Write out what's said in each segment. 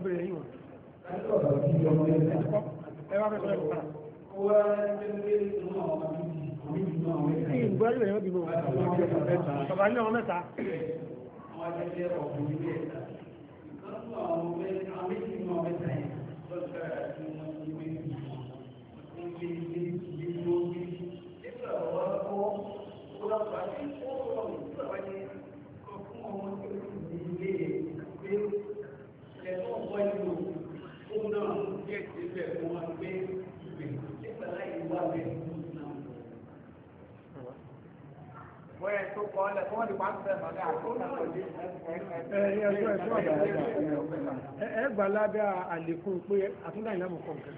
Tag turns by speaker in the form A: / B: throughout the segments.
A: ẹbẹ̀rẹ̀ yìí wọ̀n ẹwà fẹ́ sọ́rọ̀ ìpàdà ìgbẹ́rẹ̀ yẹn bí mọ́
B: bàbá ní ọmọ mẹ́ta
A: Àwọn ọmọ mẹ́ta yẹn lọ́sọ̀rọ̀ àti wọn
B: ẹ gbà lábẹ́ àlékún pé àtúndà ìlànà kọ̀ nǹkan.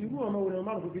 B: Irú ọmọ òun ni ọmọ àrùn tó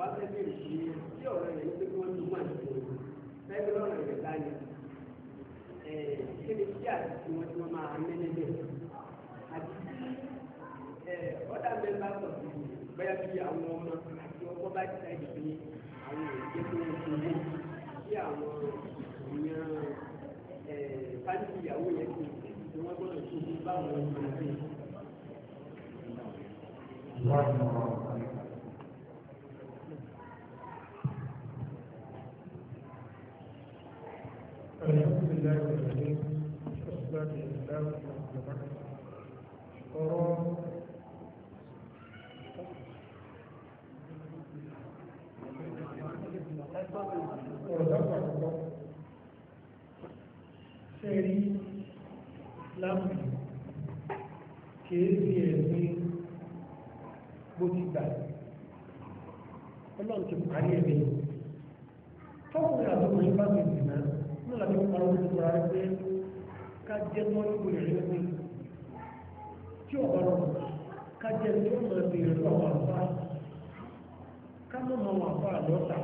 B: wá tẹ́lẹ̀ sí tí ọ̀rẹ́ rẹ̀ pé wọ́n tún máa ń tó fẹ́ẹ́ lọ́rọ̀ rẹ̀ láyé kí ni kí àti tí wọ́n máa mẹ́lẹ́ bẹ́ẹ̀ àti ọ̀dà mẹ́mbà pọ̀ sí bóyá bí àwọn ọmọ àti ọkọ bá ti sáyé pé àwọn èèyàn tó ń tó wọ́n sí àwọn
A: èèyàn fáńtì ìyàwó yẹn tí wọ́n gbọ́dọ̀ tó báwọn ọmọ rẹ̀. الحمد لله رب العالمين والصلاة والسلام على بعد ọ̀rọ̀ ọ̀dọ́gbà ọ̀pọ̀
B: sẹ́rí láàmù
A: kéèrí ẹ̀mí bó ti gbà ọlọ́run ti parí ẹ̀mí ká jẹ́ mọ́lúkù ìrìn
B: ní tí ọ̀rọ̀ ká jẹ́ tí ó máa bèèrè lọ́wọ́ àfá ká mọ́ mọ́ wọn àfá lọ́ta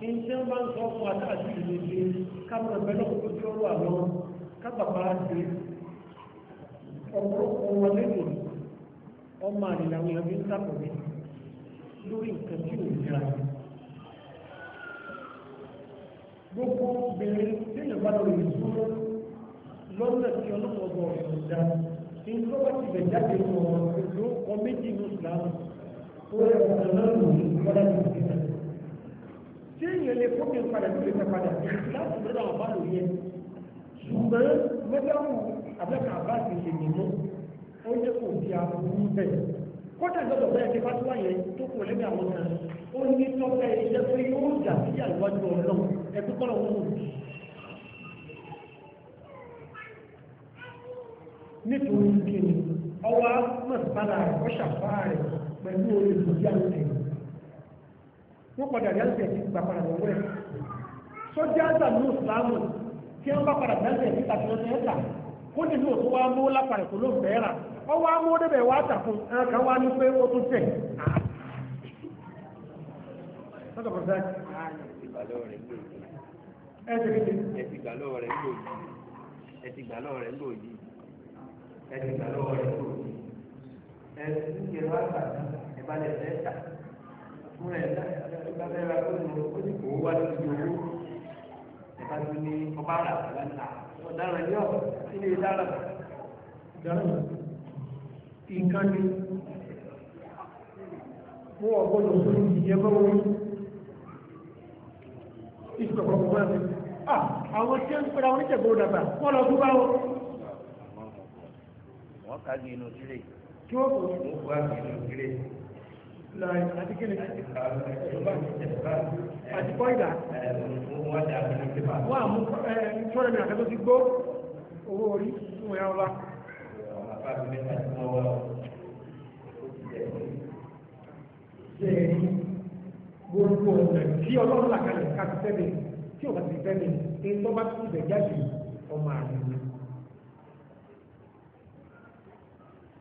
B: ní tí wọ́n bá ń sọ fún àtàkì ìlú ṣe ká mọ́ ẹgbẹ́ náà kó tí ó wà lọ ká bàbá ṣe ọ̀pọ̀lọpọ̀ wọn lẹ́nu ọmọ àdìlà àwọn èèyàn gbogbo obìnrin tí èèyàn bá ìṣúná lọ́nà tí ọlọ́pàá ọgbọ̀n ọ̀sán dá ní tó bá ti bẹ̀ jáde lọ ló kọ méjì ní ìsìlámù tó yẹ ọ̀sán náà lò ní ìpadà tó ti sẹ́yìn. tí èèyàn lè fún mi padà tó lè padà ìsìlámù lọ́dọ̀ àwọn bá lò yẹ ṣùgbọ́n mẹ́tàwù abẹ́ka bá ti lè mí mú ó yẹ kó di àbúrú bẹ́ẹ̀ kọ́tà lọ́dọ̀ bẹ́ẹ̀ ti fásitì yẹn tó kù lẹ́gbẹ̀ẹ́ àwọn kan ó ní tọ́pẹ́ iṣẹ́ pé yóò jà nítorí kíni ọwọ́ mọ̀sálà ọ̀ṣàfà rẹ̀ pẹ̀lú orí ìdíyà ńlẹ̀ wọ́n padà dáńtẹ̀ ti gbà padà lọ́wọ́ ẹ̀ sọ́jà àgbà ní ìsìlámù tí wọ́n bá padà dáńtẹ̀ ti tàbí ọ̀sẹ̀ ẹ̀ta kó nínú òtún wá mú lápàrẹ̀ kó ló ń bẹ́ẹ̀ rà ọwọ́ amú débẹ̀ wá tàkùn ẹ̀ka wá ní pé ó tún tẹ̀ ẹ̀
A: ti rẹ̀ ń lò yìí ẹtì gbà lọ́wọ́ rẹ̀ kúrò ẹtì ní ìlú àgbà náà ẹ̀bá lẹ̀ fẹ́ tà fún ẹ̀ ẹ̀bá fẹ́ ra tó nù ó sì kó wá lójú owó ẹ̀bá tó ní ọba rà ẹ̀bá tà ọ̀daràn yọ̀
B: sílé dára dára ìkànnì mú ọgbọ́dọ̀ tó ní ìyẹ́bọ̀ wọ́n ìsọ̀kọ̀ fún wa àwọn tí ó ń pẹ́ra oníṣègùn dàgbà wọ́n lọ
A: wọ́n ká ní inú tíré.
B: kí wọ́n kò mú wá ní inú tíré. àti kí ni àti kọ́ ìdá.
A: wọ́n àmú tọ́lẹ̀
B: mi àtẹ́tọ́ ti gbó
A: owó orí fún ìyá ọlá. ṣe gbogbo ọ̀nà
B: tí ọlọ́run là kalẹ̀ ká ti fẹ́ mi tí ò bá ti fẹ́ mi èyí tó bá ti bẹ̀ jáde ọmọ àrùn mi.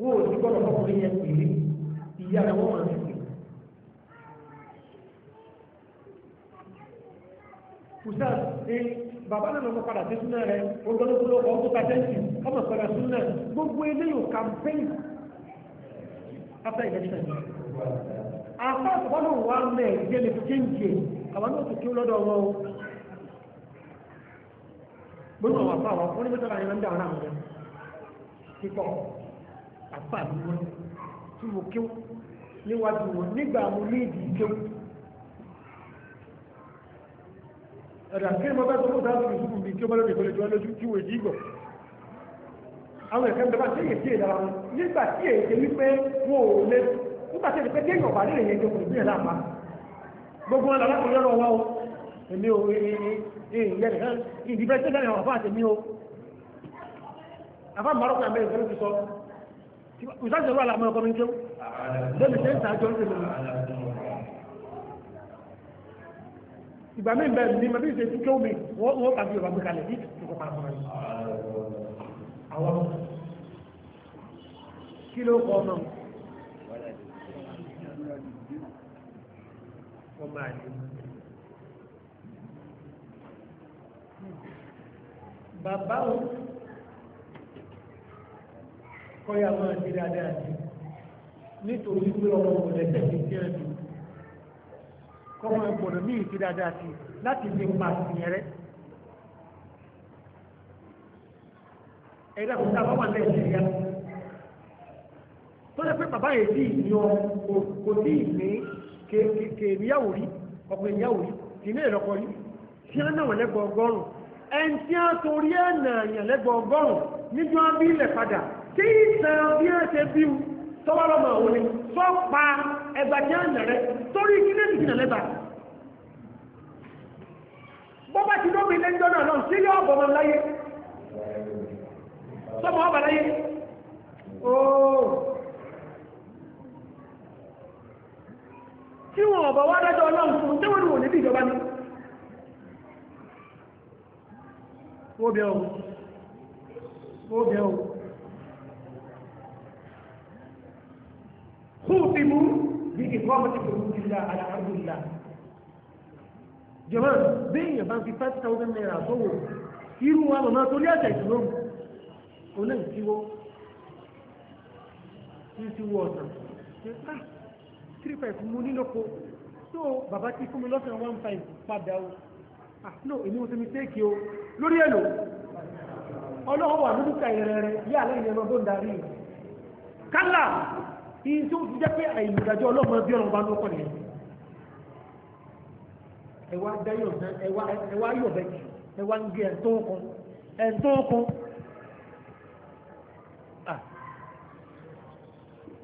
B: wọn ò ní gbọ́dọ̀ fọkùnrin yẹn pèlè ìyá rẹ̀ wọ́n máa ń sè. kùsà ẹ bàbá náà lọ́kọ̀ padà sí súnà rẹ̀ olùdókòwò ọkọ̀ tó ta tẹ́ǹtì ọmọ padà súnà gbogbo eléyìí campaign after election. àfa àtọ̀bọ́lù wa mẹ́ ẹ̀jẹ̀ lè fi kéńjì àwọn náà tó kí ó lọ́dọ̀ wọn o. gbogbo àwọn àfa àwọn onímọ̀tàlá yẹn ń àpá àdúgbò tí mo kéw níwájú wọn nígbà mo ní ìdí kéw ẹ̀dà kí ni mo bá sọ fún sáà fún ìṣúkú mi tí ó bá lórí ìkọlẹ̀ tí wọ́n lójú tí wọ́n èdè ìgbọ̀ àwọn ẹ̀kẹ́ ìjọba tí èyí sí ìdára wọn nígbà tí èyí ṣe wípé wọn ò lé nígbà tí èyí pé déyìn ọ̀bà nílẹ̀ yẹn jẹ kò sí ẹ̀ gbogbo wọn làwọn akọ̀lẹ́ ọ̀rọ̀ wọn o èmi ò ìyẹn ìdíbẹ́ o àbá ìsáṣẹ̀ wà láàmọ́ ọkọ̀ mi jẹ́
A: lórí ṣe ń tàájọ́ ń tẹ̀lé
B: ìgbà mí bẹ̀rẹ̀ ní mẹ́bí ṣe tún kéwòmí wọ́n wọ́n kàbí ọba gbé kalẹ̀ ní ìkọ̀ pàmò rẹ̀ bàbá òun kọ́yà máa di dáadáa sí nítorí pé ọmọ ọ̀rẹ́sẹ̀ ti jẹ́ ẹ̀dùn kọ́mọ ẹgbọ̀nà míì ti dáadáa sí láti fi pa ìyẹn rẹ. ẹ̀dá kò sábà wà lẹ́yìn ìṣẹ̀yà tó jẹ́ pé bàbá yìí sí ìyàn kò sí ìní kèèníyàwó rí ọkùnrin ìyàwó rí kì ní ìlọ́kọ rí tí wọ́n náà lẹ́gbọ̀ ọgọ́rùn-ún ẹni tí wọ́n torí ẹ̀ nà lẹ́gbọ̀ ọgọ́rùn-ún níjọ́ bí ilẹ̀ padà tí ìtàn bí a ṣe bí u tọ́wọ́ lọ́mọ òun ni sọ pa ẹgbà tí a nà rẹ torí kílé ti nà lẹ́bà bọ́ bá ti lóbi lẹ́jọ́ náà lọ sí yọ ọ̀bọ̀ wọn láyé sọmọ ọba láyé ooo tí wọn ọ̀bọ̀ wá dájọ́ ọlọ́run fún tí wọ́n ní wọ́n níbi ìjọba ní obìnrin ohun obìnrin ohun jọba béèyàn bá ń fi five thousand naira sọ́wọ́ irú wa màmá torí àṣà ìṣòro oná ìtiwọ́ ìtiwọ́ ọ̀sán ṣe ah three five mo nílòpọ̀ tó bàbá ti fún mi lọ́sàn-án padà o ah no èmi ò ṣe mistake o lórí ẹ̀ lò ọlọ́wọ́ wà lórúkà ìrẹ̀rẹ̀ yí àlẹ́ ìyẹn ọdún darí kálá ìyí tó ti jẹ́ pé àìlùdájọ́ ọlọ́mọ ẹwà dayọ̀ ẹwà ayọ̀ bẹ́ẹ̀ jù ẹwà ń gé ẹ̀ńtó okun ẹ̀ńtó okun.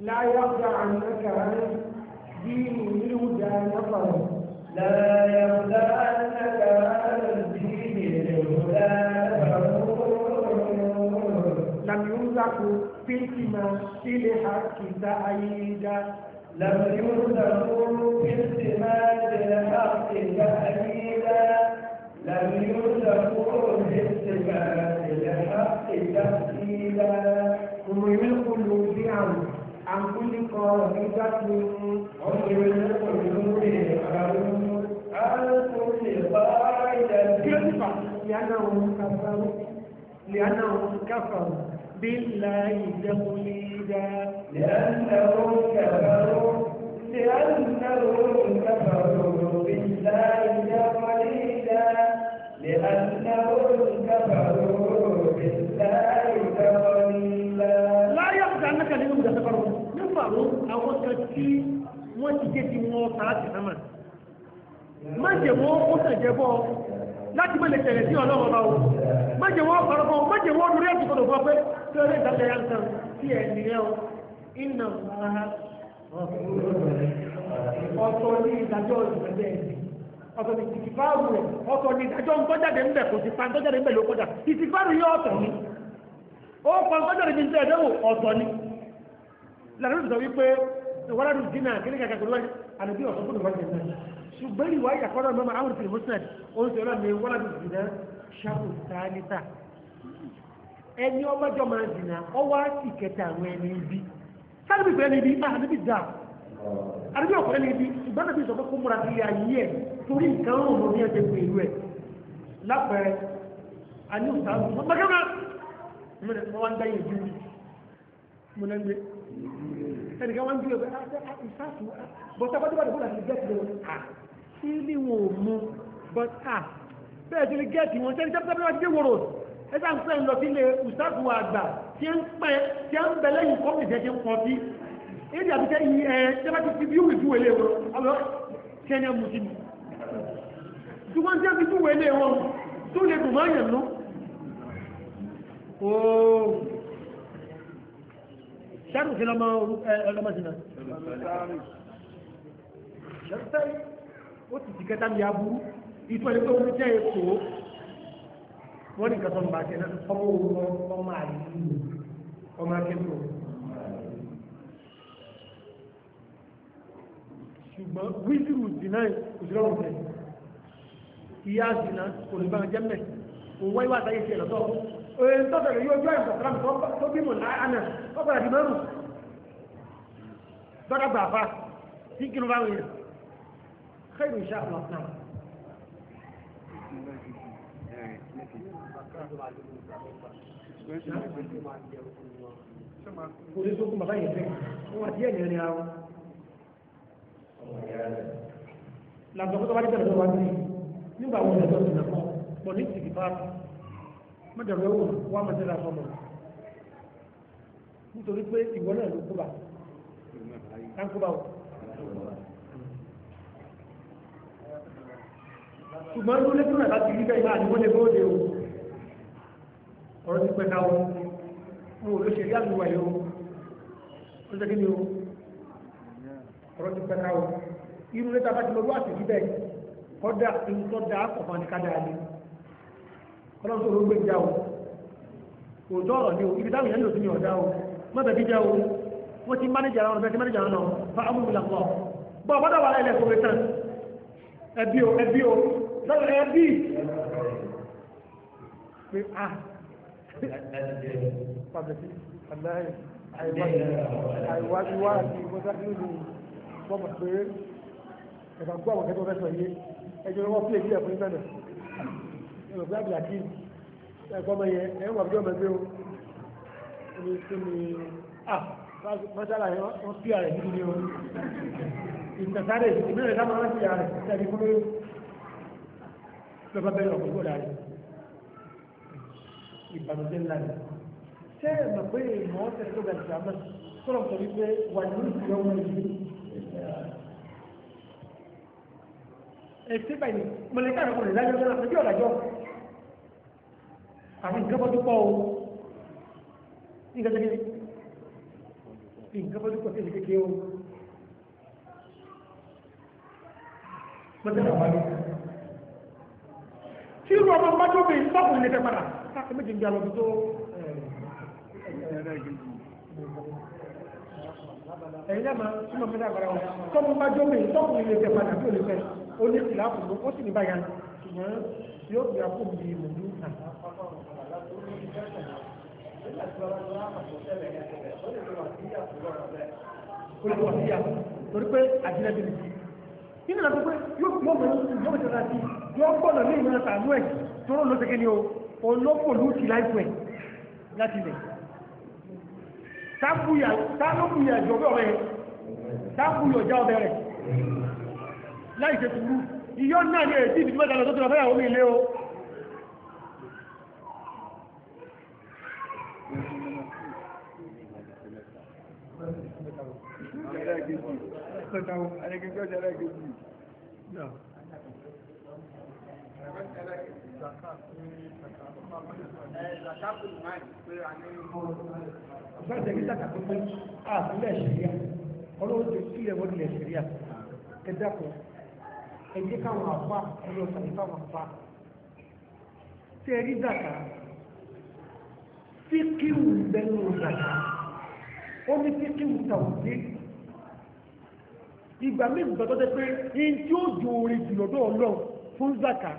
B: لا يرجع عنك عن دين الهدى نفر لا يرجع عنك عن دين الهدى نفر لم يمزق في التماس لحق تأييدا لم يرزقوا باستماد الحق تأكيدا لم يرزقوا باستماد الحق تأكيدا هم يلقوا عن عن كل قاعدة هم يلقوا الوجع عن كل قاعدة لأنهم كفروا لأنهم كفروا بالله تقليدا لأنهم كفروا
A: لأنهم كفروا بالله تقليدا لأنهم كفروا بالله
B: تقليدا لا يخدع أنك لهم ده تقرب من فعلهم أو كتي وانت كتي موطعات الأمان ما جابوه وانت جابوه láti mẹ́lẹ̀ tẹ̀lẹ̀ sí ọlọ́wọ́ bá o mẹ́jẹ̀ wọ́n kọ̀rọ̀ bọ́ mẹ́jẹ̀ wọ́n lórí ẹ̀sùn kọ̀dọ̀ bọ́ pé tí ọlẹ́ ìtàlẹ̀ yà ń tàn sí ẹ̀ nìyẹn o iná ọ̀tọ̀ ní ìdájọ́ ìgbẹ̀lẹ̀ ọ̀tọ̀ ní ìtìfáàrù rẹ̀ ọ̀tọ̀ ní ìdájọ́ ńkọ́jáde ńbẹ̀ kò sí pàǹtọ́jáde ńbẹ̀ ló kọjá ìtìfáàrù yọ ọ̀tọ̀ ni ó pàǹtọ́jáde ní ìṣẹ́ ẹ̀dẹ́wò ọ̀tọ̀ ni làdúrà sọ wípé ìwádìí dínà kíníkà kàkiri wáyé àdúgbò ọ̀tọ̀ fún ṣùgbọ́n ìwà ìyàkọ́dọ̀ mẹ́mọ́ àwọn ìfìlì hosnad oúnjẹ ọlọ́ni wọ́lá bí zina ṣàkó sáánítà ẹni ọmọjọ́ máa zina ọwọ́ sì kẹta àwọn ẹni ibi sáàbì pẹ̀lú ẹni ibi máa ah, níbi dà àdébí ọ̀pọ̀ ẹni ibi ṣùgbọ́n níbi ìsọ̀kọ́ kó múra sí ayé ẹ̀ torí nǹkan ọ̀hún ló ní ẹ̀jẹ̀ pé ìlú ẹ̀ lápẹ̀rẹ̀ àní òsàlù tí ní wọn ò mú but ah bẹ́ẹ̀ tí lè gẹ́ẹ̀tì wọn tẹ́lẹ̀ tẹ́lẹ̀ tẹ́lẹ̀ tẹ́lẹ̀ wòrò ẹ̀sà ń pẹ́ lọ sí ilé ìsáàtù àgbà tí ń pẹ́ tí ń bẹ lẹ́yìn kọ́ ìjẹ́ tí ń pọ̀ sí èdè àbíkẹ́ yìí ẹ̀ tẹ́lẹ̀ ti fi bí ó ìdú ilé wọn ọ̀rọ̀ kẹ́ni ọmọ sí ni ṣùgbọ́n tí ó fi dú ilé wọn tó lè dùn máa yàn lọ ooo ṣẹ́rù sí lọ́mọ ọlọ́mọ sí náà ṣẹ́rù ó ti jìkẹ́ tàbí aburú ìtọ́ ẹni tó ń jẹ́ ètò wọ́n ní kàtọ́ nípa jẹ́ ọmọ òun ọmọ àìyí ọmọ akẹ́kọ̀ọ́ ṣùgbọ́n wíṣírù dìná òṣìlọ́rùn tẹ̀ ìyá dìná olùgbà jẹ́ mẹ́ òun wáyé wà táyé tiẹ̀ lọ́tọ́ òun tó tẹ̀lé yóò jọ ìgbà sàrámù tó bímọ lánàá ó padà di márùn-ún bọ́dà gbà bá wọ̀nyẹn خير إن شاء الله نعم Kòrí tó kún bàbá yẹn fẹ́, wọ́n wá díẹ̀ nìyẹn ni ara wọn.
A: Làbùsọ̀kọ́ tó bá dé tẹ̀lé tó wá sí,
B: nígbà wo ìrẹsọ̀ sí nàkọ́, pọ̀ ní ìsìnkì bá rù. Mọ́jọ̀rọ̀ wò wá mọ̀ sílẹ̀ àfọmọ̀. Nítorí pé ìwọ náà ló kú bá. Táǹkú bá wò. ṣùgbọ́n tó lẹ́tọ́ rẹ̀ láti rí bẹ́ẹ̀ náà ni wọ́n lè bóde o ọ̀rọ̀ ti pẹ̀ka o mo ò ló ṣe rí àlùwà yìí o ó jẹ́ kí ni o ọ̀rọ̀ ti pẹ̀ka o irú lẹ́tọ́ bá ti lọ́dún àti rí bẹ́ẹ̀ kọ́dà nǹkan dá ọ̀pọ̀ ní kádà ni ọlọ́sọ̀ ló gbé já o òótọ́ ọ̀rọ̀ ni o ibi táwọn èèyàn lò sí ni ọ̀dá o mọ́tẹ̀ bí já o wọ́n ti mánéjà àwọn ẹbí o ẹbí o lọ́wọ́ ẹbí pé a ah. pàbẹ̀tí àdáyé àìwájú wá àti mọ́sáfíìlú gbọ́mọ̀ pé ẹ̀fà gbọ́ àwọn kẹtọ́ fẹ́sọ̀ yé ẹjọ́ wọ́n pè sí ẹ̀fún ìgbẹ́nà ẹ̀rọ̀gbé àbìlàkì ẹ̀kọ́ mẹ́yẹ ẹ̀wọ̀n àbíjọ́ mẹ́gbẹ́ o ní kí ni ah mọ́sálà yẹn wọ́n pí ààrẹ nídìí ni o ìtẹ̀sáré ìmíràn dámọ́ wọn pí ààrẹ tẹ̀lé fún mi lọ́ba bẹ́ẹ̀ lọ́kọ̀ gbọ́dọ̀ rẹ̀ ìbànújẹ́ ńlá rẹ̀ ṣé ẹ mọ̀ pé ìmọ̀ ọ́ tẹ̀sí lọ́gbà ìgbà mọ́ sọ̀rọ̀ sọ wípé wà ní ìṣẹ́ wọn yìí ẹ̀sìn báyìí mọ̀lẹ́kà rẹ̀ kọ̀ọ̀lẹ̀ lájọ́ náà ẹjọ́ ọ̀làjọ́ àti nǹkan bọ́dún pọ̀ o nǹkan kékeré nǹkan bọ́dún pọ̀
A: o tí irú ọmọ bá tó bèèrè sọ́ọ̀bù ní ẹ̀fẹ́ padà
B: láti méjì ń jalọ́
A: tó eh, ẹ̀yìn náà máa tí mo fi dá agbára wọn tọ́mọ bá jó bèèrè sọ́ọ̀bù ní ẹ̀fẹ́ padà tó lè fẹ́ ó ní ìlà
B: àpòlò ó sì ní báyà ṣùgbọ́n yóò fi àpò bí mo ní ìta. olùkọ́ sí ya torí pé àjẹlẹ́bí ni nínú ìlànà pé yóò pọ̀ mọ́ yóò mọ̀ tẹ̀lá sí yóò gbọ́nà ní ìlànà tààmú ẹ̀ tó rò lóṣè kí ni o olóko ló ti láìpẹ́ láti ilẹ̀ tábùyà ìjọ ọbẹ̀ ọbẹ̀ tábùyà ọjà ọbẹ̀ rẹ̀ láì ṣe tùrú iyọ́ náà ní èdè ìbí mẹ́ta lọ́tọ́ tó lọ́fẹ́ àwọn ilé o
A: Thank you. تتقطعوا أنا
B: كنت أقول لك نعم
A: Ìgbàjẹ́ kí láta kò pín ààbílẹ̀ ṣìríà,
B: ọlọ́wọ́ tó kí ẹwọ́ ilẹ̀ ṣìríà, ẹ̀dàkùn, ẹjẹ́ káwọn àpá ẹ̀rọ ìsàlẹ̀ káwọn àpá. Tí ẹ rí dàkà, tí kíwù bẹ́nu dàkà, ó ní tí kíwù tàwùdé ìgbà mí nǹkan tó tẹ́ pé in tí ó jò orí jùlọ́dọ̀ ọlọ́ fún zaka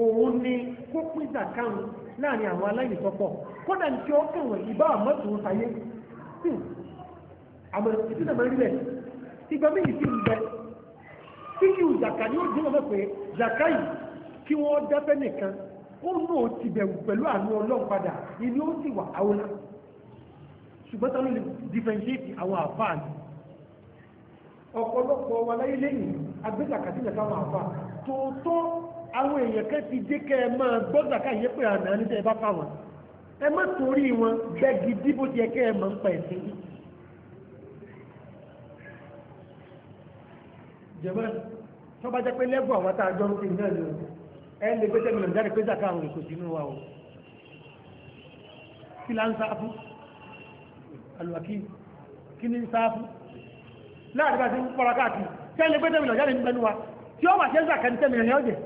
B: òun ni kó pín zaka ń láàrin àwọn aláìní tọ́pọ̀ kódà ní kí ọkàn wọn ìbá àmọ́tò ń sayé hmm. àmọ́ ìdí náà máa rí rẹ̀ ìgbà mí yìí sí ń bẹ tí kí o zaka ni ó jẹ́ ọmọ pé zaka yìí kí wọ́n dáfẹ́ nìkan ó nù ó ti bẹ̀rù pẹ̀lú àánú ọlọ́run padà ìní ó sì wà áwọn ṣùgbọ́n táwọn lè differentiate àwọn àfáà ọ̀pọ̀lọpọ̀ wa láyé lẹ́yìn agbẹ́sàkàtìlẹ̀ táwọn àfà tòótọ́ àwọn èèyàn kẹ́ ti dé kẹ́ ẹ máa gbọ́dọ̀ káyé pé àná níta ẹ bá fà wọn ẹ má torí wọn bẹ́ẹ̀gì díbò tiẹ̀ kẹ́ ẹ máa ń pa ẹ̀sìn yìí. jẹ̀mọ́ tó bá jẹ́ pé lẹ́gbọ̀n àwọn tá a jọ ń fi náà ni ẹ lè gbé tẹ́lẹ̀ lọ́dún jáde pé zaka àwọn èkó sínú wa o kí lá ń sáfù àlùwàkí kí ní ń sáfù láàrin bá ti ń pọ́ra káàkiri tí ẹni pé tẹ́mìnà jáde ń bẹnu wa tí ó wà ṣe ń sà kẹni tẹ́mìnà ní ọjẹ́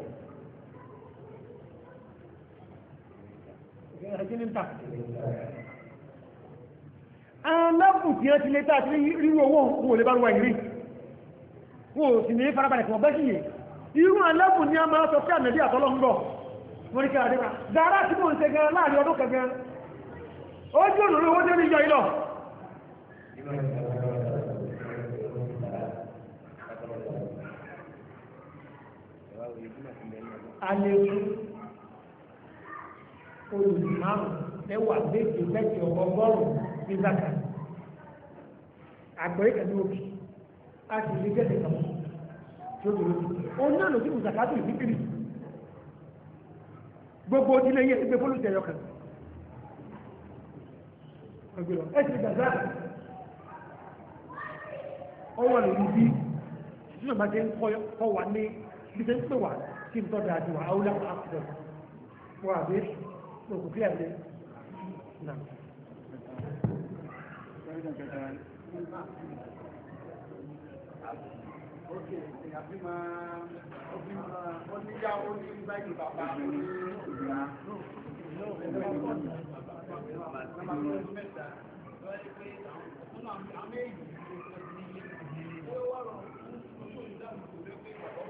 B: alábù tí ó ti lé tàà sí irú owó wò lè bá ruwa ìrí wò sì ní farabalẹ̀ fún ọgbẹ́ sí yìí irú alábù ní a máa sọ sí àmẹ́bí àtọ́lọ́ ń bọ̀ wọ́n ní kíra dẹ́gbà dára tí mò ń ṣe gan láàrin ọdún kẹgàn ó jù lórí owó tó ní yọ ilọ̀ alẹ́kú olùmọ̀ràn mẹ́wàá méje mẹ́jọ ọgọ́rùn-ún ní zaka àgbẹ̀rẹ́ kan ní òkè a sì lè jẹ́ ìtàn tí ó dúró ó ní àlòjì mùsàkátù ìdíkiri gbogbo ojúlé yẹ ti gbé bólú tẹ̀yọ kan ẹ ti gbàgbá ọwọ́ lòdì bí tí ó bá jẹ́ ń kọ́ wa ní bí ń pè wà kí n tọ́jà àti wà áwúlá fún àkùdọ̀ wọ́n àbí òkú kílẹ̀ ilé
A: náà. Okay, àbí máa ó ní yá ó ní báyìí bàbá ó ní ìgbà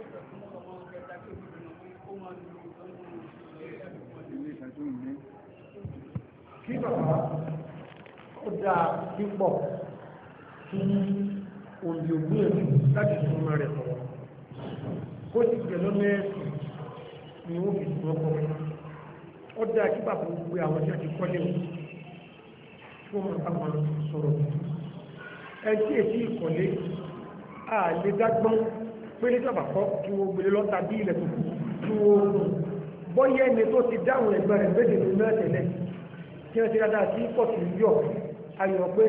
A: Thank you. bàbá ó dáa pípọ̀ kí
B: òǹdí ògbó èdè láti súnmọ́ rẹ̀ pọ̀ kó sì pẹ̀lú mẹ́ẹ̀sì ni ó fi súnmọ́ pọ̀ ó dáa kí bàbá gbogbo àwọn tí a ti kọ́lé o fún ọmọ táwọn sọ̀rọ̀ ẹ tí èsì ìkọ̀lé àlè dágbọ́n pélé sábà kọ́ kí wọ́n gbélé lọ́ta bí ilẹ̀ tó kú kí wọ́n bọ́yẹ́ ẹni tó ti dáhùn ẹgbẹ́ rẹ̀ méjèèjì náà tẹ̀lé tí wọ́n ti rádá sí pọ̀tù yọ ayọ̀ pé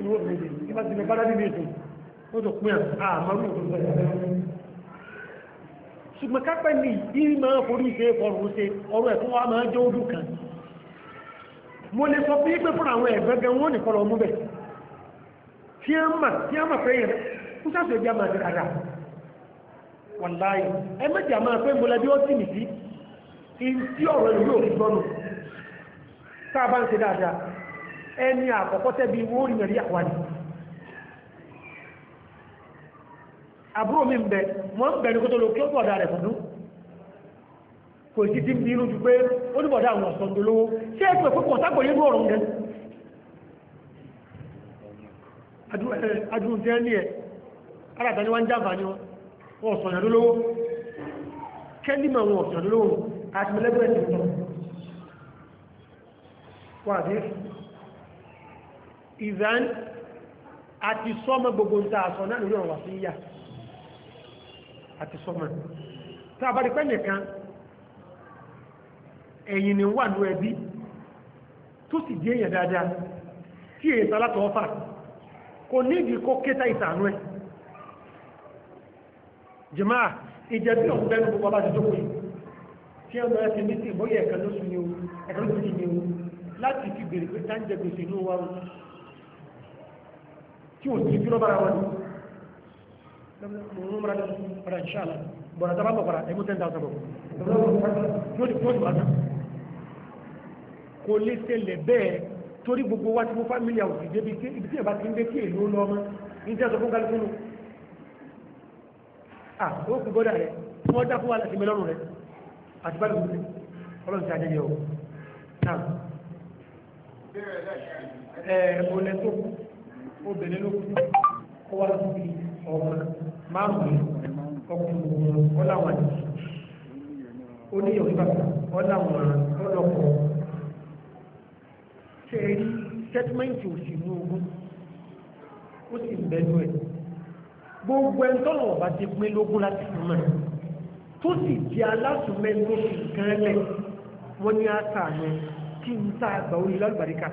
B: ìwọ̀n méjì tí wọ́n ti lè bá dábì méjì ó tó pín àmọ́rù òtún sọ ìrẹ́lẹ́ ṣùgbọ́n kápẹ́ ní ìrí máa forí ìṣe ọrùn ṣe ọrùn ẹ̀kún wa máa jẹ́ ojú kan mo lè sọ pé pé fún àwọn ẹ̀gbẹ́gbẹ́ wọn nìkan lọ mú bẹ̀ tí a mà tí a mà pé yẹn ń sàṣọ ìjà máa ti rárá wàláyé ẹ méjì àmọ́ pé mo lẹ́bí ó tì mí sí ìtí ọ̀rọ̀ ìlú òfin gbọ́nù sáàbá ń ṣe dáadáa ẹni àkọ́kọ́ tẹ́bi wọ́n rí mẹ̀rí àwárí àbúrò mi ń bẹ wọ́n ń bẹ̀rẹ̀ kótó kí ó bọ̀dá rẹ̀ fọ́dún kò sí ti bínú ju pé ó ní bọ̀dá àwọn ọ̀sán tó lówó ṣé pé kò ní ẹ̀ wá ń ní àwọn ọ̀sán lówó àti mẹ́lẹ́gbẹ̀ẹ́ wàdíf ìzán àti sọ́mọ́ gbogbo ń tàà sọ náà lórí ọ̀rọ̀ sí yà àti sọ́mọ́ tá a bá rí pẹ́ nìkan ẹ̀yìn ni wà ní ẹbí tó sì di èèyàn dáadáa tí èyí sálátọ̀ ọ́fà kò nídìí kó kéta ìtànú ẹ̀ jẹ́mà ìjẹ́bí ọ̀gbẹ́ni gbogbo ọba ti jókòó tí ẹ̀mọ́ láti fi bèrè pé tá ń jẹ gbèsè ní wa o tí o ti dúró bára wa
A: ni
B: mo ń múra padà ìṣàlá bọ̀dà dábà bọ̀ padà ẹ̀mú ten thousand bọ̀ yóò di kóòtù bàtà kò lè ṣẹlẹ̀ bẹ́ẹ̀ torí gbogbo wa ti mú fámìlì àwùjọ débi ibi tí ìbá ti ń dé kí èlò lọ ọmọ ní tí a sọ fún kálukú nù à ó kú gbọ́dọ̀ rẹ̀ wọ́n dá fún wa láti mẹ́lọ́rùn rẹ̀ àti bá lè wù rẹ̀ ọlọ́run ti àjẹjẹ o náà ẹ̀ẹ́dẹ̀ tó obìnrin ló kó wá sí ọmọ márùn-ún ọkùnrin ọláwọ̀ àti oníyàwó bàbá ọláwọ̀ ọlọ́pọ̀ ṣe rí sẹ́tímẹ́ǹtì òṣìlú ogun ó sì ń bẹnu ẹ̀ gbogbo ẹni tọ́lọ̀ ọ̀bá ti pín lógún láti fún mọ́ tó sì di alásùnmẹ́ tó fi nǹkan lẹ̀ wọ́n ní àtàánú kí n tá àgbà orí lálùbáríkà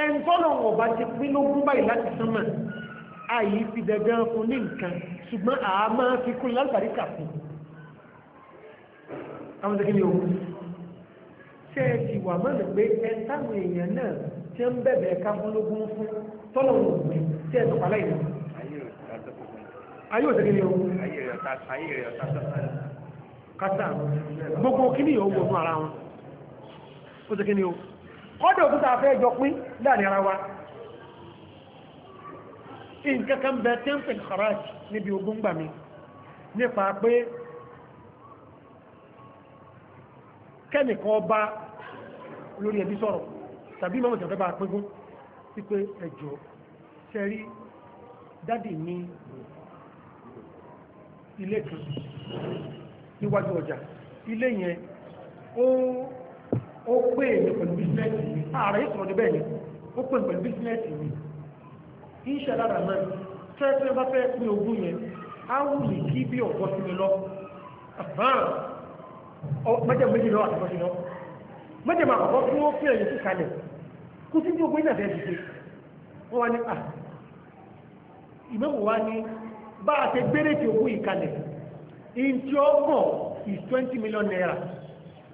B: ẹn tọ́nà ọ̀bá ti pín lógún báyìí láti sánmà àyí fi dandan fún ní nǹkan ṣùgbọ́n a máa fi kún lálùbáríkà fún àwọn ni òun ṣe é ti wà mọ́nà pé ẹn táwọn èèyàn náà ti ń bẹ̀bẹ̀ ká fún lógún fún tọ́nà òun tí ẹ̀ tọ́pàá láì
A: ayé òsèké ni òun ayé rẹ̀ ọ̀tá sọ́sọ́ kátà gbogbo kí ni yóò wọnú
B: ara wọn ó ti kí ni o kọ́dọ̀ tó tàà fẹ́ jọ pín láàrin ara wa nǹkan kan bẹ tẹ́ǹfẹ̀ kharaj níbi ogún gbà mi nípa pé kẹ́nìkan bá lórí ẹbí sọ̀rọ̀ tàbí mọ́mọ̀ tẹ̀fẹ́ bá pínkún wípé ẹjọ́ sẹ́rí dádì ní ilé kan níwájú ọjà ilé yẹn ó ó pè mí pẹ̀lú bísínẹ́sì mi ààrẹ ìsọ̀rọ̀ ní bẹ́ẹ̀ ni ó pè mí pẹ̀lú bísínẹ́sì mi iṣẹ́ lára náà fẹ́ẹ́fẹ́ bá fẹ́ pín ogún yẹn á wù mí kí bí ọ̀pọ̀ sí mi lọ mẹ́jẹ̀ méjì lọ àti bọ́sí lọ mẹ́jẹ̀ máa kọ̀kọ́ fún fi ẹ̀yìn sí kalẹ̀ kú sí bí ogún ìnà fẹ́ẹ́ ṣe wọ́n wá ní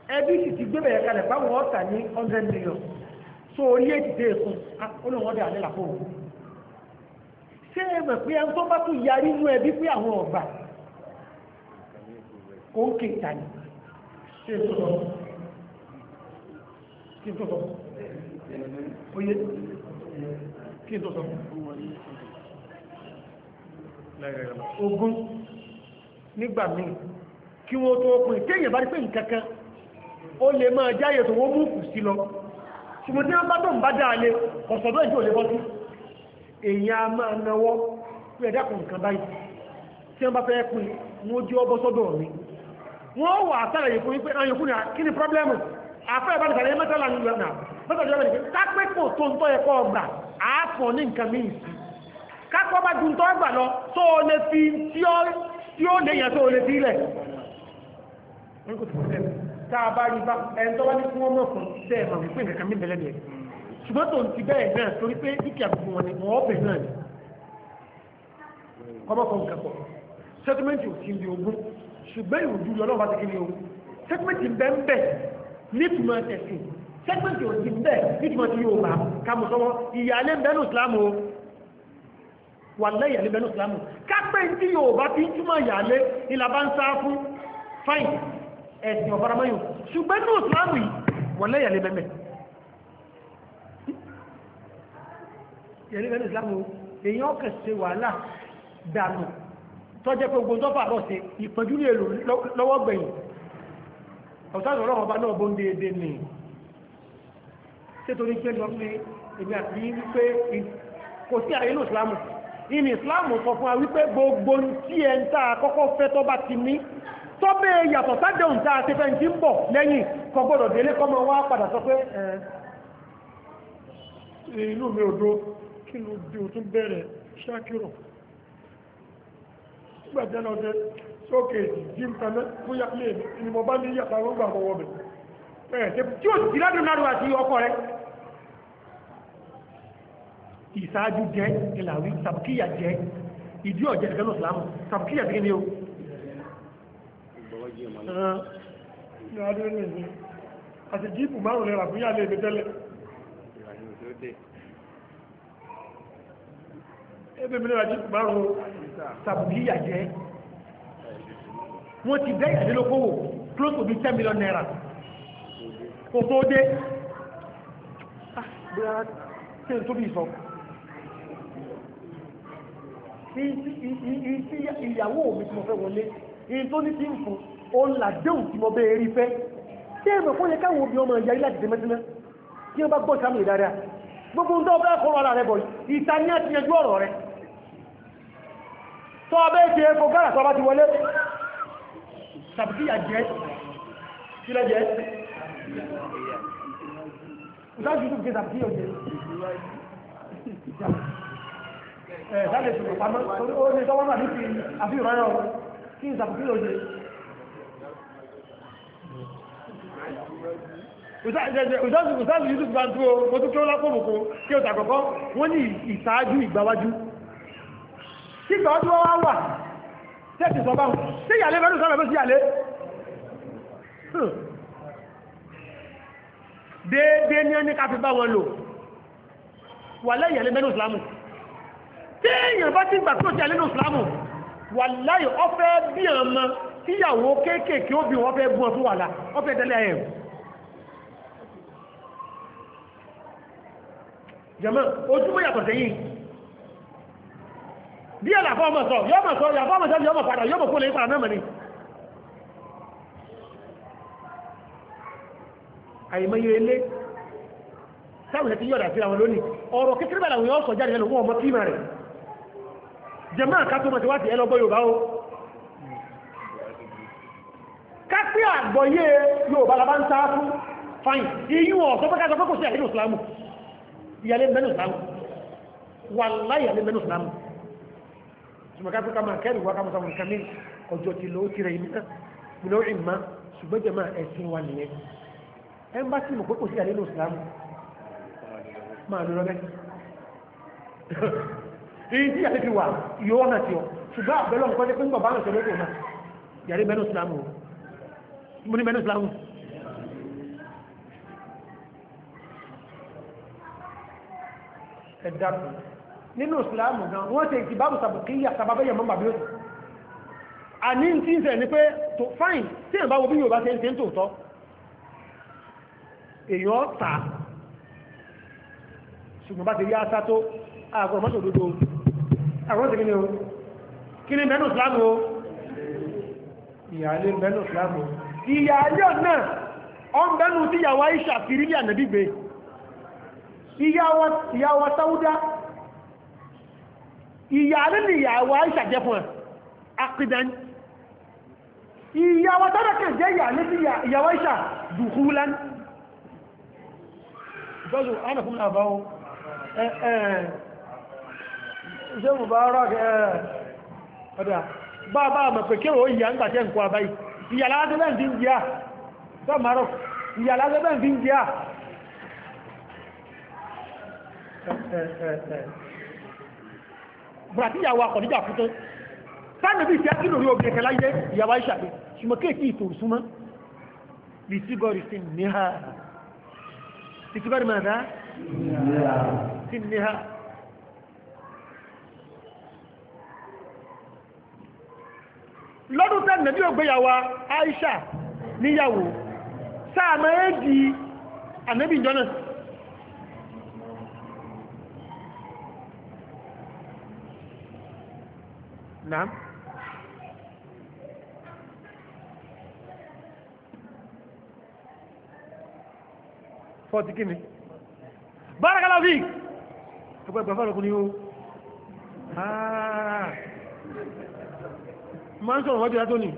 B: ẹbí sì ti gbé bẹ̀rẹ̀ kalẹ̀ báwọn ọ̀tà ní hundred million so orí èdè dé èkó olóhùn ọdẹ àlẹ́ làpọ̀ òun ṣé ẹ mọ̀ pé ẹni tó bá tún yarí inú ẹbí pé àwọn ọ̀gbà
A: ó ń ké ìta ni ṣé n tó sọ kí n tó sọ oyè kí n tó sọ ogun
B: nígbà míì kí wọ́n tó pin kéèyàn bá rí pé nǹkan kan ó lè máa jáyẹ̀ tó wọ́n mú kù sí lọ ṣùgbọ́n tí wọ́n bá tó ń bá dáa lé ọ̀sọ̀dọ̀ ìjọ lè bọ́ sí èyàn a máa náwọ́ pé ẹ̀dá kan nǹkan báyìí tí wọ́n bá fẹ́ pin wọ́n jẹ́ ọbọ̀ sọ́dọ̀ mi wọ́n wà sára yìí fún yí pé àwọn yòókù náà kí ni pọ́blẹ́mù afẹ́ ìbá nìkan ẹ̀yẹ mẹ́tàlá ní lọ́nà mẹ́tàlá ní lọ́nà kápẹ́pọ̀ tó ń tọ́ ẹ̀kọ́ ọgbà àáfọ̀ ní nǹkan míì sí kápọ́ bá dùn o lè fi o lè fi tá a bá rí bá ẹni tó wá ní fún ọmọ fún tẹ́ ẹ̀ máa wípé nǹkan mi bẹ̀rẹ̀ nìyẹn ṣùgbọ́n tó ń ti bẹ́ẹ̀ náà torí pé dúkìá gbogbo wọn ni wọ́n bẹ̀ náà ni ọmọ kan nǹkan pọ̀ sẹ́tímẹ́ǹtì ò ti di ogún ṣùgbọ́n ìròjú yọ náà bá ti kí ni o sẹ́tímẹ́ǹtì ń bẹ́ ń bẹ̀ nítumọ̀ tẹ̀sìn sẹ́tímẹ́ǹtì ò ti bẹ̀ nítumọ̀ ti yóò bá kàmù sọ́wọ́ ìyáálé ń bẹ́nu ìsìlámù o wà lẹ́yìn ìyáálé bẹ́nu ìsìlámù kápẹ́ǹtì yóò bá fi ń túmọ̀ ìyáálé ìlà bá ń sá fún fáìn ẹ̀sìn ọ̀faramayò ṣùgbọ́n ní ìsìláàmù yìí wọ́n lẹ́yà lé mẹ́mẹ́ yẹ̀lẹ́gbẹ̀ẹ́ ìsìláàmù èyàn ọkẹ̀ ṣe wàhálà dànù tọ́jẹ́ pé ogun tọ́fà lọ sí ìpẹ̀jú ní èlò lọ́wọ́ gbẹ̀yìn ọ̀sáàrùn ọlọ́run ọba náà bóńdé èdè nì sétorí pé lọ pé èmi àti yí wípé kò sí àyè ní ìsìláàmù ìní ìsìláàmù sọ fún wa wípé gbogbo tí ẹ ń ta àkọ́kọ́ fẹ́ tọ́ bá ti ní tó bẹ́ yàtọ̀ sádẹ̀hùn tá a ti fẹ́ ti ń bọ̀ lẹ́yìn kọgbọ́dọ̀ délé kọmọ wá padà sọ pé inú mi ò dó kí ló dé o tún bẹ̀rẹ̀ ṣákìrọ̀ gbàjẹ́ náà jẹ́ sókè jí ń kaná fúyà lè ní mo bá ní yàtà gbogbo àbọ̀wọ̀ mi tí ó sì ládùn náà àti ọkọ rẹ ìsáájú jẹ́ ìlàwí tàbíkíyà jẹ́ ìdí ọ̀jẹ̀ ìfẹ́ lọ́sàlámù tàbíkíyà gẹ́gẹ́ ni o àti jíìpù márùn lẹ́ra fún yàlẹ́ ìgbé tẹ́lẹ̀ ebe mìíràn jíìpù márùn sàbùkì yàjẹ́ wọ́n ti dẹ́ ìdílókòwò close to be 10 million naira
A: kò tó dé bí a tẹ́ tó bí
B: sọ ìyàwó mi tí mo fẹ́ wọlé ìyìn tó ní tí ń fún ó ń làdéhùn tí mo bẹ́ẹ̀ rí fẹ́ tí èèmọ̀ fún yẹ káwọn obìnrin ọmọ ìyá ilẹ̀ dìdìmẹ́sìnà tí wọ́n bá gbọ́ ìsámi ìdára gbogbo ń tọ́ bá kọ́ ara rẹ̀ bọ̀ ìta ní àti ẹjú ọ̀rọ̀ rẹ̀ tọ́ bẹ́ẹ̀ ti ẹkọ gára tọ́ bá ti wọlé sàbíkíyà jẹ́ sílẹ̀ jẹ́ ìsájú tó gé sàbíkíyà jẹ́
A: ẹ̀ sáàlẹ̀ ìṣòro pamọ́ orí tọ́wọ́ náà ní fi àfihàn rẹ̀ kí sàbíkíyà jẹ́ ìsáàsì
B: Yusuf bá ń dúró mo tún kí ó lápò mùkú kí o tàkọ́kọ́ ìsáájú ìgbàwájú kí ìgbàwájú wá wà tẹ́ẹ̀tì sọ báhùn sí ìyàlẹ́ mẹ́rin sọ́rọ̀ sí ìyàlẹ́ déédéé ní ẹni káfí bá wọn lò wà lẹ́yìn mẹ́rin ìsìlámù tí bá ti gbà tó ti ìsìlámù wà láyé ọ jẹmọ́ ojúmọ́ yàtọ̀ sẹ́yìn bí àlàfọ́ ọmọ sọ yọ́ mọ̀ sọ yàfọ́ ọmọ sọ yọ́ mọ̀ padà yọ́ mọ̀ kó lè padà náà mọ̀ ni àìmọye ilé táwọn ẹ̀tí yọ̀dà sí àwọn lónìí ọ̀rọ̀ kékeré bẹ̀rẹ̀ àwọn ọ̀sọ̀ jáde lọ́wọ́ ọmọ kíma rẹ̀ jẹmọ́ àkátó mọ̀ tí wá ti ẹlọgbọ́ Yorùbá o kápẹ́ àgbọ̀yé Yorùbá labá ń sáá fún fáyìn èyí wọ̀n sọ pé ká sọ pé kò ìyàlé mẹ́nu ìsìlámù wà láyàlé mẹ́nu ìsìlámù ṣùgbọ́n pé kama kẹ́rì wá kama sọmọ kàmí ọjọ́ ti lọ ó ti rẹ̀ yìí náà mi lọ́ọ́ ìmá ṣùgbọ́n jẹ́ máa ẹ̀sìn wa nìyẹn ẹ ń bá sí ìmọ̀pẹ́ kò sí ìyàlé ìsìlámù máa lọ rẹ èyí tí ìyàlé fi wà yóò hàn sí ọ ṣùgbọ́n àbẹ́lọ́ nǹkan jẹ́ pé ń bọ̀ bá ẹ̀dàkùn nínú ìsìláàmù gan wọ́n tẹ́ ìtì bábù sàbùkíyà sàbábẹ́yà mọ́ bàbí òtù a ní tí ń sẹ̀ ní pé tó fáìn tí ẹ̀bá bí yóò bá ṣe ń ṣe ń tòótọ́ èèyàn tà ṣùgbọ́n bá ti rí asá tó àgbọ̀n ìyàwó sáúdá ìyàrí ni ìyàwó Aisha jẹ́ fún ẹ̀ akidan ìyàwó sáúdá kàn jẹ́ ìyàrí ni ìyàwó Aisha dùkúlán gbọ́dọ̀ ánàkún àbáwọ́ ṣe mú bá rọ́ ọ̀dá bá bá mọ̀ pé ń gbàtẹ́ nǹkan àbáyì ìyàlá bùràtí ìyàwó akọ̀díjà fún tán sáàmì bí ìṣẹ́ kí lórí obìnrin kẹlá yé ìyàwó aisha pé ṣùgbọ́n kéèkì ìtò súnmọ́ bí sígọ́rì sí níhà bí sígọ́rì máa dá sí níhà lọ́dún tẹ́ nàbí ògbéyàwó aisha níyàwó sáàmì ẹ́ di ànábì jọ́nà نعم fọ́tí kí ni bárakàlá fi ẹgbẹ́ ìgbà fọ́lọ̀kùn ni ó máa ń sọ̀rọ̀ wájú látó ní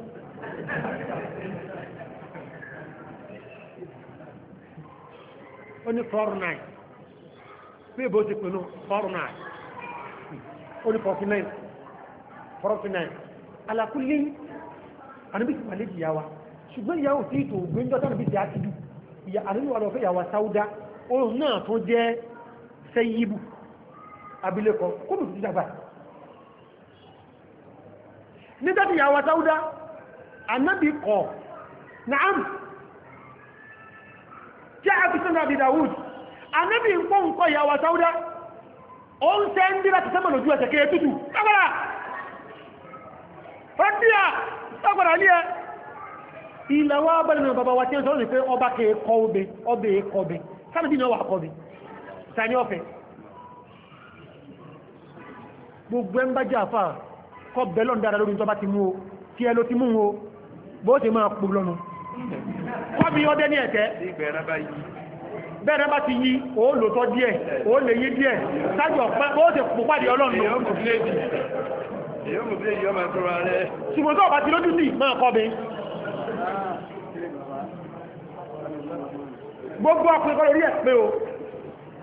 B: ó ní fọ́rùn-ún bí ìbò ti pè ní fọ́rùn-ún 49 alákúlé anábì ti pàlejì yà wa ṣùgbọ́n ìyàwó tí ìtò ògbé ń jọ tánàbí ti àtìdù ìyà àríwá lọ fẹ́ ìyàwó sáúdá oòrùn náà tó jẹ́ sẹ́yìnbù abilékọ kó bù ti dàgbà nígbà tí ìyàwó sáúdá anábì kọ naam jẹ́ àfisàn àbí dawud anábì ń pọ́ nǹkan ìyàwó sáúdá ó ń sẹ́ ń dí láti sẹ́mọ̀ lójú ẹ̀sẹ̀ kéré tútù kábàrà rọ́díà tọ́gbàrà ní ẹ ilẹ̀ wá bẹ́rẹ̀ náà bàbá wa tí ó sọ́rọ̀ ní pé ọba kẹ́ kọ obe ọbẹ̀ kọbe sáàbí náà wà kọbe tàní ọ̀fẹ́ gbogbo ẹ ń bá jẹ́ àfà kọ bẹ́lọ́n dára lórí tọ́bá ti mú o tí ẹ ló ti mú o bó ti máa pò lọ́nu
A: kọ́bí ọdẹ ní ẹ̀tẹ́
B: bẹ́ẹ̀rẹ́ bá ti yí o lòtọ́ díẹ̀ o lè yí díẹ̀ sájọ̀ pẹ́ bó ti pò pàdé
A: yóò mú bílé yóò máa tọrọ rẹ̀
B: ṣùgbọ́n tó ọba ti lójú sí máa kọ́ mi gbogbo ọkùnrin kọ́ lórí ẹ̀ pé o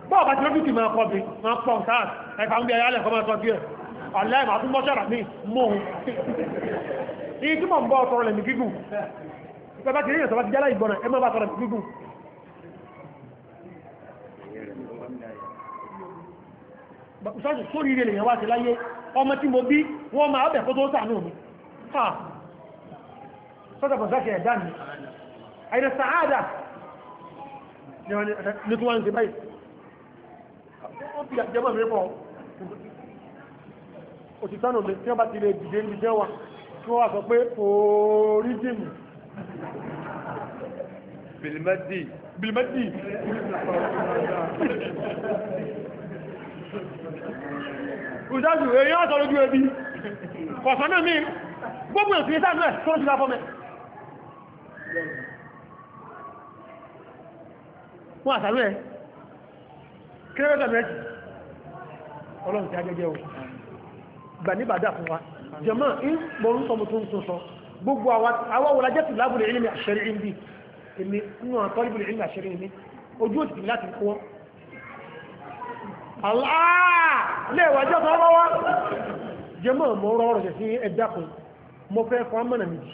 B: bọ́ ọba ti lójú sí máa kọ́ mi máa pọ̀ sáà ẹ̀fà ń bí ẹ̀yà lẹ́kọ́ máa tọ́jú ẹ̀ ọ̀lẹ́ ìmọ̀ àtúnbọ́ ṣọ́rà mi mọ́ ohun ní tí mọ̀ ń bọ́ ọ̀tọ̀rọ̀ lẹ̀mí gígùn pẹ̀bá ti ríyàn sọ bá ti jálá ìgbọ̀nà ẹ mọ́ bá tọ̀rọ̀ gígùn sórí ilẹ̀ lèyàn wá sí láyé ọmọ tí mo bí wọ́n máa ọ̀bẹ̀ kó tó sàánú mi sọ́tọ̀kọ̀ sákẹ̀ ẹ̀dá mi àìdẹ̀ sàádà ní tó wọ́n ń ṣe báyìí ó fi àjẹ́mọ̀ mi pọ̀ òtítọ́nù lè tí wọ́n bá ti lè dìde ní jẹ́wà tí wọ́n ìdájú èyí á sọ lójú ẹbí kọ̀sán náà mi gbogbo ìpínlẹ̀ sáà náà tó ń ṣe láfọ́mẹ́ fún àtàlú ẹ̀ kírẹ́rẹ́tà mẹ́jì ọlọ́run ti ajẹ́jẹ́ o gbà ní bàdá fún wa jẹ́mọ́ ń gbọ́rún sọmọ tó ń tún sọ gbogbo awọ́wọ́lá jẹ́ tìlábùlẹ̀ ilmi àṣẹ́rí ìbí èmi nínú àtọ́líbùlẹ̀ ilmi àṣẹ́rí ìbí ojú òtìtì láti kọ́
A: aláàlẹ́wàjọ́ tó rọ́wọ́
B: jẹmọ́ mọ́ rọrọ̀ jẹ́ sí ẹ̀dàkùn mọ́ fẹ́ fọ́ mọ́nà méjì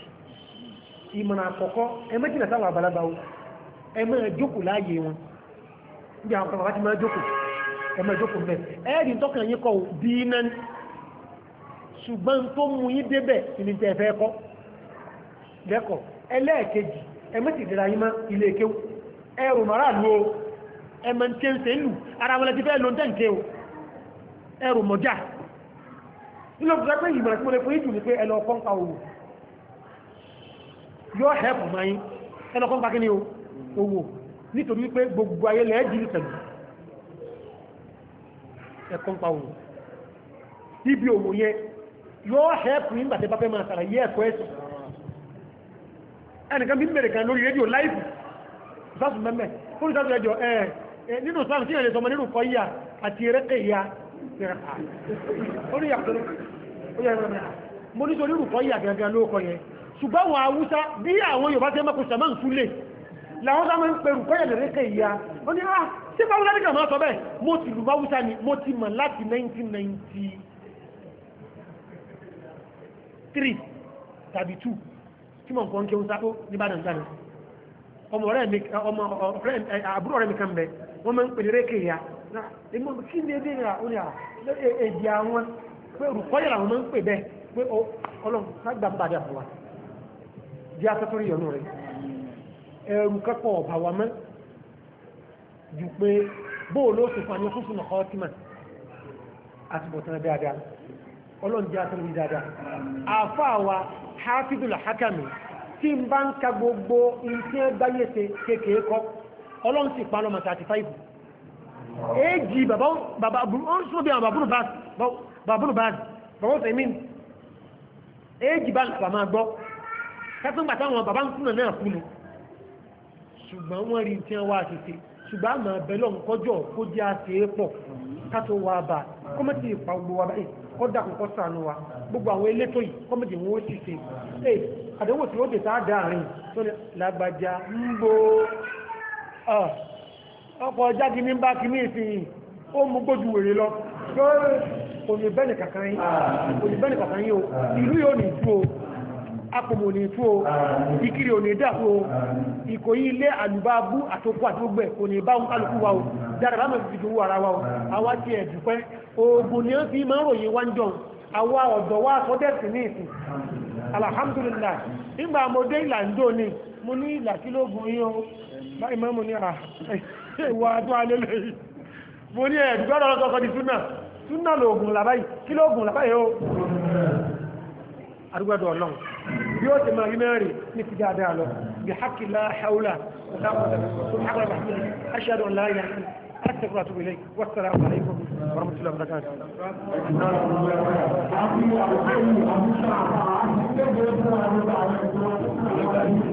B: ìmọ̀nà àkọ́kọ́ ẹmẹ́jìnà sáwọn àbálàbà ó ẹmẹ́ jókù láàyè wọn bí àwọn bàbá ti máa jókù ẹmẹ́ jókù bẹ́ ẹ̀ẹ́dì tọ́kàn yín kọ́ bí iná ṣùgbọ́n tó mú yín débẹ̀ ìní tẹ́ fẹ́ kọ́ lẹ́kọ̀ọ́ ẹlẹ́ẹ̀kejì ẹmẹ́jìnà ilé kéwù ẹrù màrà lóo ẹmọ tí ń se lù ara wọn ti fẹ́ lọ tẹ́ǹkẹ́ o ẹrù mọ̀já nílò tó pé ìgbìmọ̀ tí mo lè fún ìjù ní pé ẹlọ kọ́ǹpa owó yóò hẹ́pù máa yín ẹlọ kọ́ǹpa kí ni owó nítorí pé gbogbo ayé lẹ́ẹ̀ jìnnì ẹnìkan bí mẹ́rẹ̀ lórí rédíò láìpù sásùn fún ìsásùn ẹjọ́ ẹ̀ẹ́ Eh, nínú islam tí ìrìnlẹ̀ sọmọ nínú kọ́yà àti ẹ̀rẹ́kẹ̀yà mo ní sọ nínú kọ́yà gẹ̀gẹ̀ ló kọ yẹn ṣùgbọ́n àwọn awúsá bí àwọn yorùbá tẹ́ mọ́kù sàmán súlẹ̀ làwọn sáwọn ń pẹ̀rù kọ́yà lẹ́rẹ́kẹ̀yà ó ní ah tí bá wúlá nígbà máa sọ bẹ́ẹ̀ mo ti lù bá wúsá ni mo ti mọ̀ láti 1993 tàbí 2 tí mọ̀ nǹkan kí ó ń sápó ní bá dàn dàn ọmọ ọ̀rẹ́ mi kan bẹ́ẹ̀ wọ́n máa ń pèlè rékè ya ìmọ̀ kí ni ẹdí ìrìn àwọn èdè àwọn pé olùkọ́yà làwọn máa ń pè bẹ́ẹ̀ pé ọlọ́run ságbà padà bọ̀ wá di afẹ́fẹ́rí yọ̀nù rẹ̀ ẹrù kẹ́kọ̀ọ́ ọ̀bà wa mọ́ ju pé bóòlù ó sì fún àwọn fúnfún ọkọ̀ ọ́tìmọ̀ àti bọ̀tán dáadáa ọlọ́run jẹ́ àtọ́lù dáadáa àfáà wa hafidul hakami tí n bá ń ka gbogbo nǹkan báyé ṣe ọlọ́run sì pa lọ́mọ 35 èjì bàbá ọ̀rùsùn bí àwọn bàbúrù báàsì bàbá tẹ̀mí èjì bá làbà máa gbọ́ kẹ́tùngbà táwọn bàbá ń kúnnà náà kúnnù ṣùgbọ́n wọ́n rí tí wọ́n wá àṣìṣe ṣùgbọ́n àmà bẹ̀lọ́ kọjọ́ kó jẹ́ àṣẹ pọ̀ kátó wà bá kọ́mẹ́tì ìpa gbogbo wa báyìí kọ́ dàkùn kọ́ sànù wa gbogbo àwọn elétò yìí kọ́mẹ́tì wọn ó sì ṣe àdéhùn tí ó dé tá a dá àárín tó lágbàjá ń bo Ah, ọkọ̀ jáde ní bá kí ní ìfihìn ó mú gbójú wèrè lọ òní bẹ́ẹ̀nì o ìlú yóò o o ìkiri ò ní dàkú o ìkòyí ilé àlùbábú àtòkú àtògbẹ̀ kò ní bá ń kálukú wa o dára lámọ̀ fi jòwó ara wa o àwa ti ẹ̀ dúpẹ́ oògùn ni ó fi máa ń ròyìn wá ń jọ àwa ọ̀dọ̀ wa sọ́dẹ̀sì ní ìsìn alhamdulillah nígbà mo dé ìlàndó ni mo ní ìlà kí ló gun yín o báyìí mọ́ mo ní ah, ìwà tó alẹ́lẹ́ yìí mo ní ẹ̀dùgbọ́dọ̀ eh, lọ́sọ̀kọ́ di súnà súnà lòògùn làbáyìí kí lóògùn làbáyìí o arúgbọ́dọ̀ ọlọ́run bí ó ti máa rí mẹ́rin ní ti dáadáa lọ bí hákì láhàúlà aṣáàdùn láyà أستغفر وأتوب إليك والسلام عليكم ورحمة الله
A: وبركاته.